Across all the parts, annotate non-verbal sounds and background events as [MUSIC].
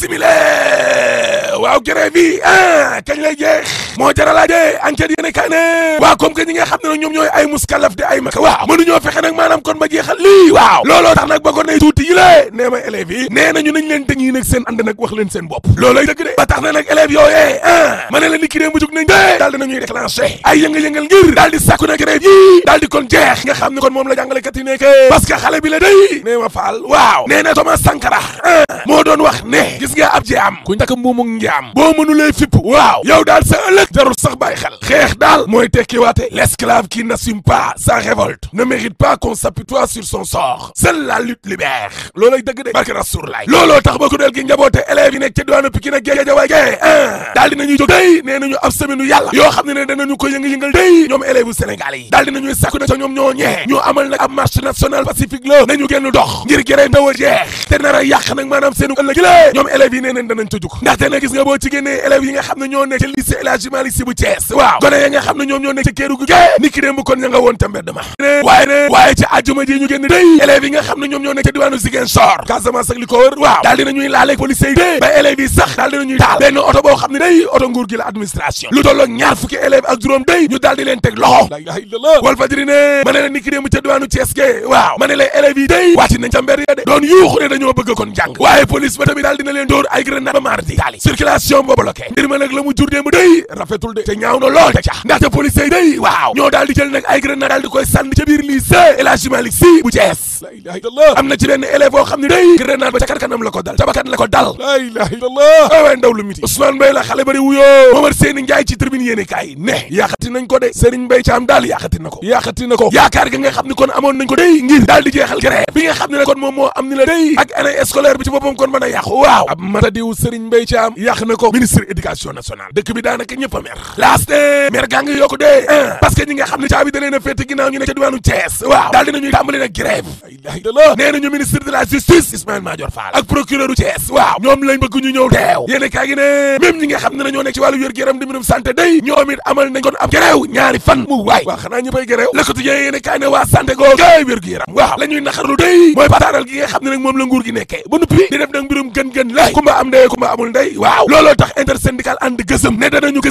simile waaw grève bi ah kañ lay jeex moo jara laaj dee enquête yéen a ñi nga xam ne nag ñoom ñooy ay muskalaf di ay mag waaw mënuñoo fexe nag maanaam kon ba jeexal lii waaw looloo tax nag ba ko ne tuuti yi lée nee ma élèves nee nañu nañ leen tëñ yi seen ànd nag wax leen seen bopp loolay dëgg de ba tax na nag élèves yooyee ah ma ne la ni ki mu jug nañ dee daal dinañuy déclenché ay yëngal-yëngal ngir daal di sàkku nag élèves yi daal di kon jeex nga xam ne kon moom la jàngalekat ah doon wax ne gis nga ab jaam ku takk mbuumug njaam boo mënulee fipp ëllëg sax bàyyi xel xeex daal mooy tekkiwaate l'esclave qui n'assume pas sa révolte ne mérite pas qu'on s'apitoie sur son sort seule la lutte libère loolay dëgg de barke rasour laay looloo tax ba ku del gi njaboote ah. xam ne ne danañu ko yënga-yëngal tey ñoom élèves yu Sénégal yi daal dinañuy sàkku na ca ñoom ñoo ñee ñu amal nag ab marche nationale pacifique la nañu génn dox ngir gërëm ndaw a te nar a nag maanaam seenu ëllëg la ñoom élèves yi nee ne ñoo maximaliste bu Thiès waaw gone ya nga xam ne ñoom ñoo nekk ca kéeru gu gee ni ki kon ña woon ta mbedd ma waaye ne waaye ca àjjuma ji ñu génn day élèves yi nga xam ne ñoom ñoo nekk ca diwaanu Ziguinchor Casamance ak li ko wër waaw daal dinañuy police yi dee ba élèves yi sax daal dinañuy taal benn oto boo xam ne day oto nguur gi la administration lu tolloog ñaar fukki élèves ak juróom day ñu daal di leen teg loxo la ilaha illallah ma ne la ni rafetul de te ñaaw lool te ca ndaxte policiers yi day waaw ñoo daal di jël nag ay grenade daal di koy sànni ca biir lycée El Hadji Malick bu Thiès am na ci benn élève boo xam ne day grenade ba ca kanam la ko dal tabakat la ko dal la ilaha illallah eh ndaw lu miti Ousmane Mbaye la xale bari wuyoo Momar Seyni Ndiaye ci tribune yéene kaay ne yaaxati nañ ko de Serigne Mbaye Thiam daal yaaxati na ko yaaxati na nga xam ne kon amoon nañ ko day ngir daal di jeexal grève bi nga xam ni la kon a ñëpp a mer laas de mer parce que ñi nga xam ne caabi da leen a féete ginnaaw ne ca diwaanu Thiès waaw daal dinañuy tàmbali nag grève ay la ministre de la justice Ismaïla Madior Fall ak procureur du Thiès waaw ñoom lañ bëgg ñu ñëw teew yéene kaa gi ne même ñi nga xam ne dañoo nekk ci wàllu wér-gu-yaram di mbirum santé day ñoom it amal nañ kon ab grève ñaari fan mu waay waaw xanaa ñëppay grève la quotidien yéene kaa ne waa santé goo kay wér-gu-yaram waaw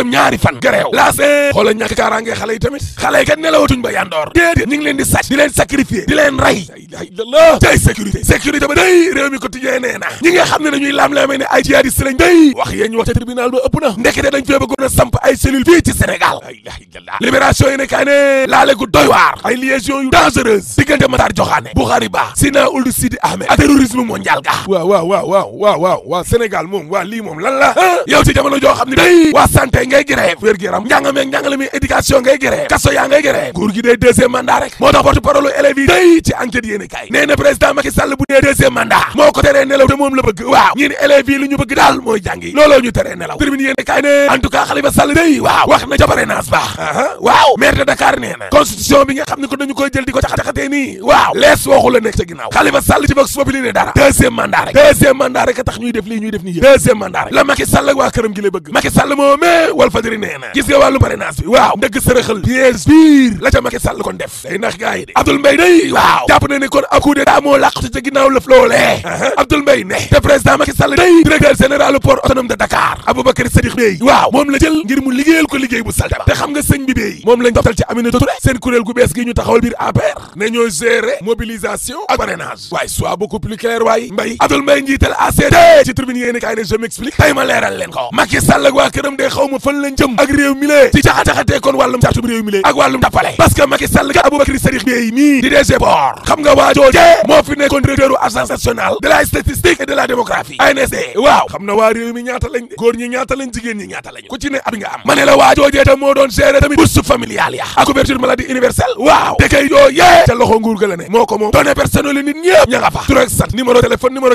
desem ñaari fan gereew laas e xoola ñàkk kaaraange xale yi tamit xale yi kat nelawatuñ ba yandoor déedéet ñu ngi leen di sàcc di leen sacrifier di leen rey la ilaha illallah tey sécurité sécurité ba day réew mi quotidien nee na ñi nga xam ne dañuy laam-laamee ne ay jihadiste lañ day wax yéen ñu wax ca tribunal ba ëpp na ndekete dañ fee bëggoon a samp ay cellule fii ci Sénégal la ilaha illallah libération ne kaa ne laale doy waar ay liaison yu dangereuse diggante Matar Joxaane Bukhari ngay grève wér gi yaram njàng meeg njàngale mi éducation ngay yaa ngay grève nguur gi dee deuxième mandat rek moo tax porte parole élèves yi ci enquête yéene kay nee président Macky Sall bu dee deuxième moo ko teree nelaw te moom kay ne en tout cas Khalifa waaw wax na jabarenaas baax waaw maire de Dakar nee constitution bi nga xam ne ko dañu koy jël di ko caxat-caxatee waaw lees waxu la nekk ca ginnaaw Khalifa ci wal fajëri nee na gis nga wàllu parrainage bi waaw ndëgg sërëxal piège biir la moom la jël ngir mu liggéeyal ko liggéey bu salte ba te xam nga sëñ bi Bey moom lañ toftal ci Aminata Touré seen kuréel gu bees gi ñu taxawal biir APR ne ñoo gérer mobilisation ak parrainage waaye soit beaucoup plus clair waaye Mbaye Abdoul Mbaye njiital ACD ci tribune yéen ne je m'explique tey ma leeral leen ko Macky Sall ak fan lañ jëm ak réew mi lee ci caxataxatee kon wàllum càttum réew mi lee ak wàllum tappale parce que Macky Sall Sarix Bey nii di DG Port nga waa moo fi nekkoon agence nationale de la statistique et de la démographie ANSD waaw xam na waa réew mi ñi ñaata lañ ñi ñaata lañ ku ci ne ab am ma ne waaw te kay yoo ca loxo nguur ga ne moo ko moom données personnelles yi nit ñëpp ña nga téléphone numéro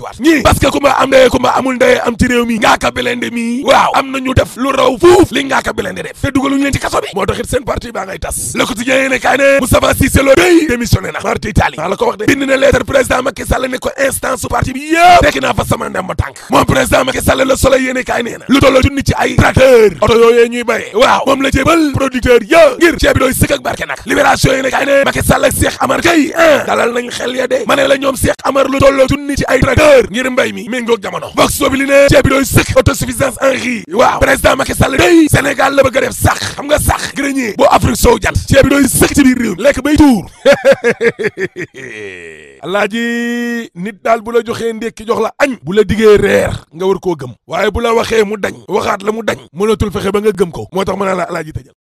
waat parce que ku am ndey ku am ci réew mi ngaaka belende mi waaw am nañu def lu raw fuuf li ngaaka belende def te dugaluñu leen ci kaso moo taxit seen parti baa ngay tas le quotidien yéene kaay ne Moustapha Cissé Lo day démissionné marti Italie maa la ko wax de na lettre président Macky Sall ne ko instance parti bi yëpp tekki fa sama ndem ba tànk moom président Macky Sall le soleil yéene kaay nee na lu tolloo junni ci ay tracteur oto yooyee ñuy béyee heure ngir mbéy mi méngoog jamono vox sobili ne ceeb bi doy sëkk autosuffisance en riz waaw président Macky Sall day Sénégal la bëgg a def sax xam nga sax grenier boo Afrique soow jant ceeb bi doy sëkk ci biir lekk bay tuur [LAUGHS] alaaji nit daal bu la joxee ndékki jox la añ bu la diggee reer nga war koo gëm waaye bu la waxee mu dañ waxaat la mu dañ mënatul fexe ba nga gëm ko moo tax mën a la alaaji tëjal